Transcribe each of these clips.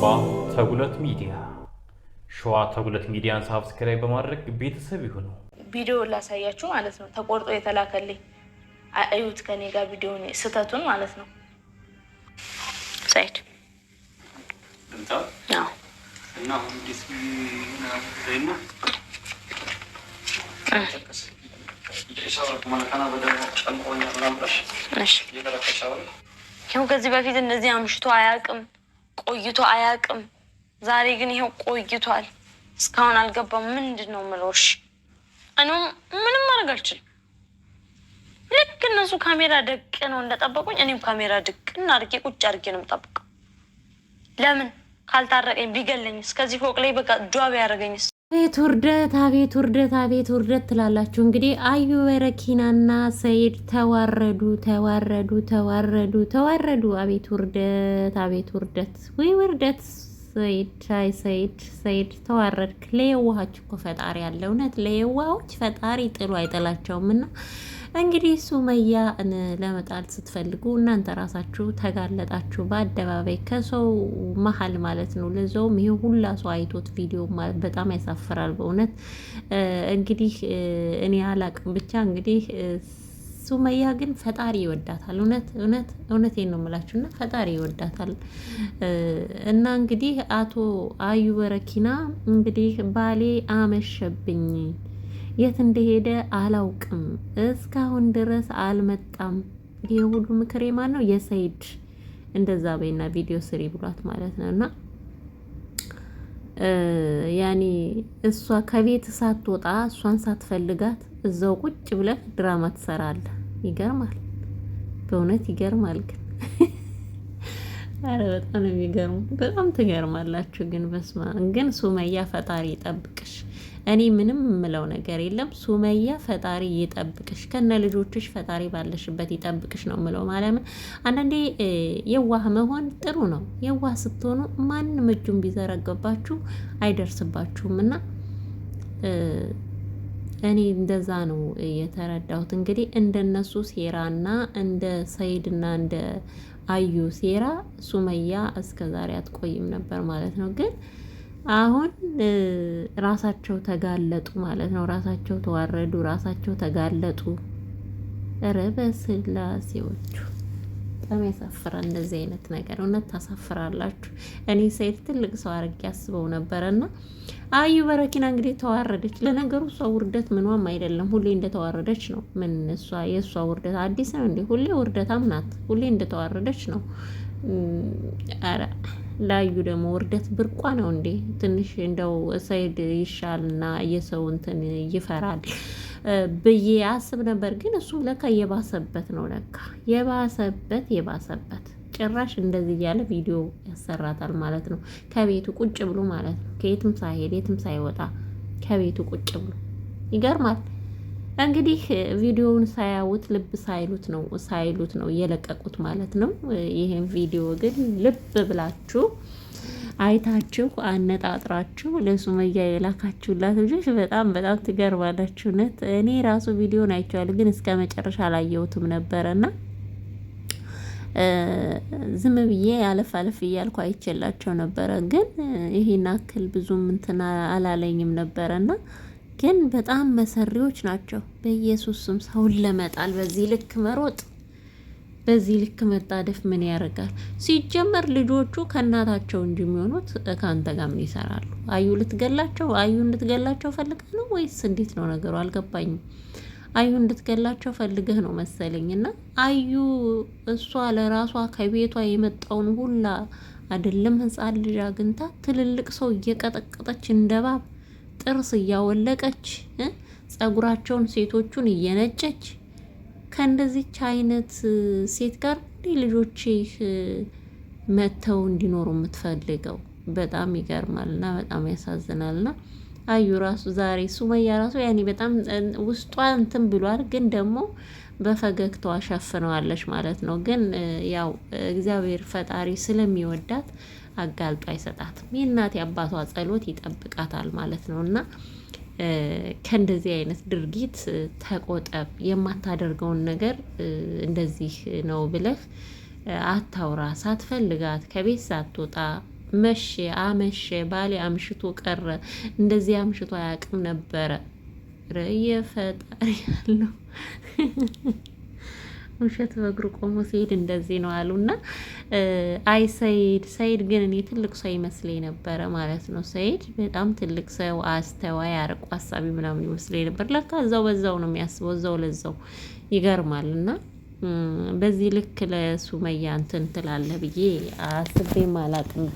አባ ተጉለት ሚዲያ ሸዋ ተጉለት ሚዲያን ሳብስክራይብ በማድረግ ቤተሰብ ይሁኑ። ቪዲዮ ላሳያችሁ ማለት ነው። ተቆርጦ የተላከልኝ እዩት፣ ከኔ ጋር ቪዲዮ ስህተቱን ማለት ነው። ሳይድ ከዚህ በፊት እነዚህ አምሽቶ አያውቅም። ቆይቶ አያውቅም። ዛሬ ግን ይኸው ቆይቷል። እስካሁን አልገባም። ምንድን ነው ምሎሽ? እኔም ምንም ማድረግ አልችልም። ልክ እነሱ ካሜራ ደቅ ነው እንደጠበቁኝ እኔም ካሜራ ድቅና አድርጌ ቁጭ አድርጌ ነው የምጠብቀው። ለምን ካልታረቀኝ ቢገለኝስ? ከዚህ ፎቅ ላይ በቃ ጇብ ያደረገኝስ? አቤት ውርደት! አቤት ውርደት! አቤት ውርደት ትላላችሁ እንግዲህ። አዩ በረኪናና ሰይድ ተዋረዱ፣ ተዋረዱ፣ ተዋረዱ፣ ተዋረዱ። አቤት ውርደት! አቤት ውርደት! ወይ ውርደት! ሰይድ አይ ሰይድ ሰይድ ተዋረድክ። ለየዋሃችሁ እኮ ፈጣሪ ያለ እውነት፣ ፈጣሪ ጥሉ አይጠላቸውምና እንግዲህ ሱመያ ለመጣል ስትፈልጉ እናንተ ራሳችሁ ተጋለጣችሁ፣ በአደባባይ ከሰው መሀል ማለት ነው። ለዛውም ይህ ሁላ ሰው አይቶት ቪዲዮ በጣም ያሳፍራል በእውነት እንግዲህ እኔ አላቅም ብቻ እንግዲህ ሱመያ ግን ፈጣሪ ይወዳታል። እውነት እውነት እውነቴን ነው የምላችሁ እና ፈጣሪ ይወዳታል። እና እንግዲህ አቶ አዩ በረኪና እንግዲህ ባሌ አመሸብኝ የት እንደሄደ አላውቅም። እስካሁን ድረስ አልመጣም። ይህ ሁሉ ምክር የማን ነው? የሰይድ እንደዛ በይና ቪዲዮ ስሪ ብሏት ማለት ነው እና ያኔ እሷ ከቤት ሳትወጣ እሷን ሳትፈልጋት እዛው ቁጭ ብለህ ድራማ ትሰራለህ። ይገርማል፣ በእውነት ይገርማል። ግን አረ በጣም ነው የሚገርሙ። በጣም ትገርማላችሁ ግን በስማ ግን ሱመያ ፈጣሪ ይጠብቅሽ። እኔ ምንም የምለው ነገር የለም። ሱመያ ፈጣሪ ይጠብቅሽ፣ ከነ ልጆችሽ ፈጣሪ ባለሽበት ይጠብቅሽ ነው ምለው። ማለምን አንዳንዴ የዋህ መሆን ጥሩ ነው። የዋህ ስትሆኑ ማንም እጁን ቢዘረገባችሁ አይደርስባችሁም እና እኔ እንደዛ ነው የተረዳሁት። እንግዲህ እንደነሱ ሴራና እንደ ሰይድና እንደ አዩ ሴራ ሱመያ እስከ ዛሬ አትቆይም ነበር ማለት ነው ግን አሁን ራሳቸው ተጋለጡ ማለት ነው። ራሳቸው ተዋረዱ፣ ራሳቸው ተጋለጡ። እረ በስላሴዎቹ በጣም ያሳፍራል። እንደዚህ አይነት ነገር እውነት ታሳፍራላችሁ። እኔ ሴት ትልቅ ሰው አድርጌ አስበው ነበረ እና አዩ በረኪና እንግዲህ ተዋረደች። ለነገሩ እሷ ውርደት ምኗም አይደለም፣ ሁሌ እንደተዋረደች ነው። ምን እሷ የእሷ ውርደት አዲስ ነው እንዴ? ሁሌ ውርደታም ናት። ሁሌ እንደተዋረደች ነው። ኧረ ላዩ ደግሞ ውርደት ብርቋ ነው እንዴ? ትንሽ እንደው ሰይድ ይሻልና የሰው እንትን ይፈራል ብዬ አስብ ነበር። ግን እሱ ለካ የባሰበት ነው ለካ የባሰበት የባሰበት ጭራሽ እንደዚህ እያለ ቪዲዮ ያሰራታል ማለት ነው። ከቤቱ ቁጭ ብሎ ማለት ነው። ከየትም ሳይሄድ የትም ሳይወጣ ከቤቱ ቁጭ ብሎ ይገርማል። እንግዲህ ቪዲዮውን ሳያዩት ልብ ሳይሉት ነው ሳይሉት ነው እየለቀቁት ማለት ነው። ይህን ቪዲዮ ግን ልብ ብላችሁ አይታችሁ አነጣጥራችሁ ለሱመያ የላካችሁላት ልጆች በጣም በጣም ትገርማላችሁ። እውነት እኔ ራሱ ቪዲዮን አይቼዋለሁ፣ ግን እስከ መጨረሻ አላየሁትም ነበረና ዝም ብዬ አለፍ አለፍ እያልኩ አይቼላቸው ነበረ፣ ግን ይሄን አክል ብዙም እንትን አላለኝም ነበረ ነበረና ግን በጣም መሰሪዎች ናቸው። በኢየሱስ ስም ሰውን ለመጣል በዚህ ልክ መሮጥ፣ በዚህ ልክ መጣደፍ ምን ያደርጋል? ሲጀመር ልጆቹ ከእናታቸው እንጂ የሚሆኑት ከአንተ ጋር ምን ይሰራሉ? አዩ ልትገላቸው አዩ እንድትገላቸው ፈልገህ ነው ወይስ እንዴት ነው ነገሩ? አልገባኝም። አዩ እንድትገላቸው ፈልገህ ነው መሰለኝ። እና አዩ እሷ ለራሷ ከቤቷ የመጣውን ሁላ አይደለም ህፃን ልጅ አግኝታ ትልልቅ ሰው እየቀጠቀጠች እንደባብ ጥርስ እያወለቀች ጸጉራቸውን ሴቶቹን እየነጨች ከእንደዚች አይነት ሴት ጋር እንዲህ ልጆችህ መተው እንዲኖሩ የምትፈልገው በጣም ይገርማልና በጣም ያሳዝናልና አዩ ራሱ ዛሬ ሱመያ ራሱ ያኔ በጣም ውስጧ እንትን ብሏል፣ ግን ደግሞ በፈገግታዋ አሸፍነዋለች ማለት ነው። ግን ያው እግዚአብሔር ፈጣሪ ስለሚወዳት አጋልጦ አይሰጣትም። የእናት የአባቷ ጸሎት ይጠብቃታል ማለት ነው እና ከእንደዚህ አይነት ድርጊት ተቆጠብ። የማታደርገውን ነገር እንደዚህ ነው ብለህ አታውራ። ሳትፈልጋት ከቤት ሳትወጣ መሼ አመሸ ባሌ አምሽቶ ቀረ። እንደዚህ አምሽቶ አያውቅም ነበረ። ፈጣሪ ያለው ውሸት በእግሩ ቆሞ ሲሄድ እንደዚህ ነው አሉና፣ አይ ሰይድ ሰይድ ግን እኔ ትልቅ ሰው ይመስለኝ ነበረ ማለት ነው። ሰይድ በጣም ትልቅ ሰው አስተዋይ፣ አርቆ ሀሳቢ ምናምን ይመስለኝ ነበር። ለካ እዛው በዛው ነው የሚያስበው እዛው ለዛው ይገርማል እና በዚህ ልክ ለሱመያ እንትን ትላለህ ብዬ አስቤም አላቅም።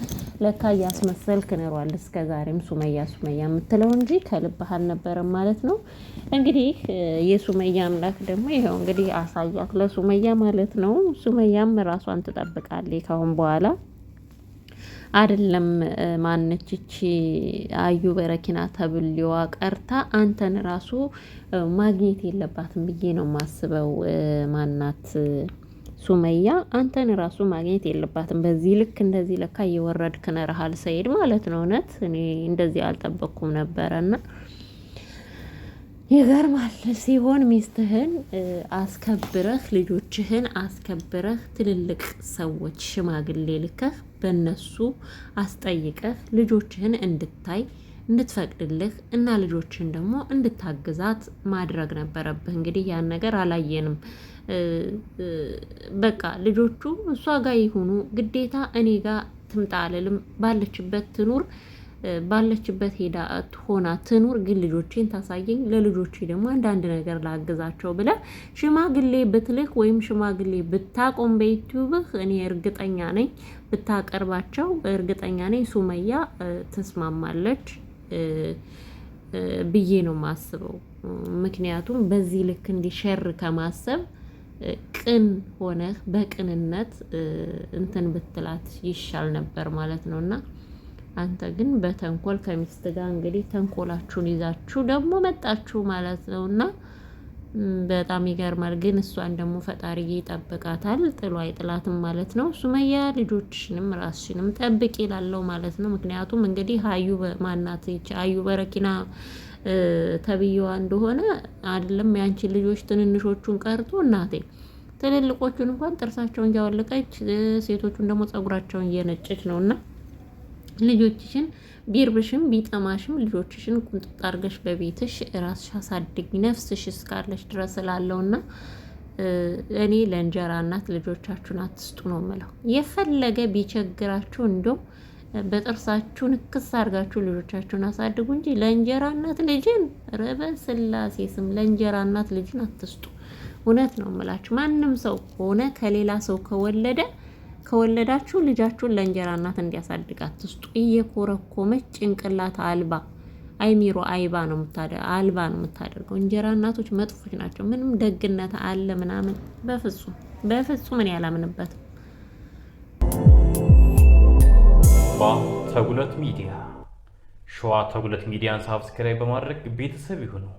ለካ እያስመሰልክ ኖሯል እስከ ዛሬም ሱመያ ሱመያ የምትለው እንጂ ከልብህ አልነበረም ማለት ነው። እንግዲህ የሱመያ አምላክ ደግሞ ይኸው እንግዲህ አሳያት ለሱመያ ማለት ነው። ሱመያም ራሷን ትጠብቃለች ካሁን በኋላ አይደለም ማነች አዩ በረኪና ተብሌዋ ቀርታ አንተን ራሱ ማግኘት የለባትም ብዬ ነው የማስበው። ማናት ሱመያ አንተን ራሱ ማግኘት የለባትም። በዚህ ልክ እንደዚህ ለካ እየወረድክ ነርሃል ሰይድ ማለት ነው። እውነት እኔ እንደዚህ አልጠበቅኩም ነበረና ይገርማል ሲሆን ሚስትህን አስከብረህ ልጆችህን አስከብረህ ትልልቅ ሰዎች ሽማግሌ ልከህ በእነሱ አስጠይቀህ ልጆችህን እንድታይ እንድትፈቅድልህ እና ልጆችን ደግሞ እንድታግዛት ማድረግ ነበረብህ። እንግዲህ ያን ነገር አላየንም። በቃ ልጆቹ እሷ ጋር ይሁኑ፣ ግዴታ እኔ ጋር ትምጣ አልልም። ባለችበት ትኑር ባለችበት ሄዳ ሆና ትኑር፣ ግን ልጆቼን ታሳየኝ፣ ለልጆቼ ደግሞ አንዳንድ ነገር ላግዛቸው ብለ ሽማግሌ ብትልክ ወይም ሽማግሌ ብታቆም በዩቲዩብህ እኔ እርግጠኛ ነኝ ብታቀርባቸው እርግጠኛ ነኝ ሱመያ ትስማማለች ብዬ ነው ማስበው። ምክንያቱም በዚህ ልክ እንዲሸር ከማሰብ ቅን ሆነህ በቅንነት እንትን ብትላት ይሻል ነበር ማለት ነው እና አንተ ግን በተንኮል ከሚስት ጋር እንግዲህ ተንኮላችሁን ይዛችሁ ደግሞ መጣችሁ ማለት ነው እና በጣም ይገርማል። ግን እሷን ደግሞ ፈጣሪ ይጠብቃታል፣ ጥሎ አይጥላትም ማለት ነው። ሱመያ ልጆችንም ራስሽንም ጠብቅ ይላለው ማለት ነው። ምክንያቱም እንግዲህ አዩ ማናት አዩ በረኪና ተብዬዋ እንደሆነ አይደለም ያንቺ ልጆች ትንንሾቹን ቀርቶ እናቴ ትልልቆቹን እንኳን ጥርሳቸውን እያወለቀች ሴቶቹን ደግሞ ጸጉራቸውን እየነጨች ነው እና ልጆችሽን ቢርብሽም ቢጠማሽም ልጆችሽን ቁንጥጥ አድርገሽ በቤትሽ ራስሽ አሳድግ ነፍስሽ እስካለሽ ድረስ እላለሁና እኔ ለእንጀራ እናት ልጆቻችሁን አትስጡ ነው የምለው። የፈለገ ቢቸግራችሁ እንዲሁም በጥርሳችሁ ንክስ አድርጋችሁ ልጆቻችሁን አሳድጉ እንጂ ለእንጀራ እናት ልጅን ረበ ስላሴ ስም ለእንጀራ እናት ልጅን አትስጡ። እውነት ነው የምላችሁ። ማንም ሰው ከሆነ ከሌላ ሰው ከወለደ ከወለዳችሁ ልጃችሁን ለእንጀራ እናት እንዲያሳድጋት ትስጡ እየኮረኮመች ጭንቅላት አልባ አይሚሮ አይባ ነው አልባ ነው የምታደርገው። እንጀራ እናቶች መጥፎች ናቸው። ምንም ደግነት አለ ምናምን በፍጹም በፍጹም እኔ አላምንበትም። ተጉለት ሚዲያ ሸዋ ተጉለት ሚዲያን ሳብስክራይብ በማድረግ ቤተሰብ ይሁነው።